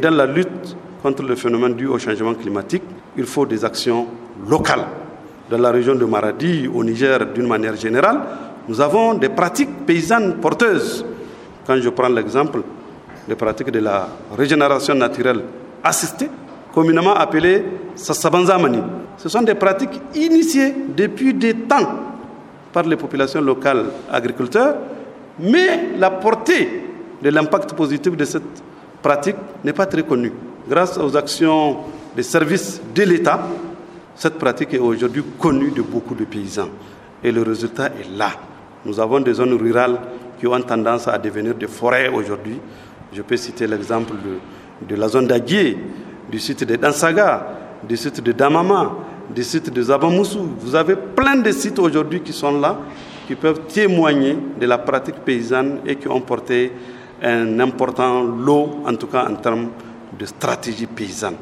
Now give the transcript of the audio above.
Dans la lutte contre le phénomène dû au changement climatique, il faut des actions locales. Dans la région de Maradi, au Niger d'une manière générale, nous avons des pratiques paysannes porteuses. Quand je prends l'exemple des pratiques de la régénération naturelle assistée, communément appelée Sassabanzamani, ce sont des pratiques initiées depuis des temps par les populations locales agriculteurs, mais la portée de l'impact positif de cette pratique n'est pas très connue. Grâce aux actions des services de l'État, cette pratique est aujourd'hui connue de beaucoup de paysans. Et le résultat est là. Nous avons des zones rurales qui ont tendance à devenir des forêts aujourd'hui. Je peux citer l'exemple de, la zone d'Aguier, du site de Dansaga, du site de Damama, du site de Zabamoussou. Vous avez plein de sites aujourd'hui qui sont là, qui peuvent témoigner de la pratique paysanne et qui ont porté un important lot, en tout cas en termes de stratégie paysanne.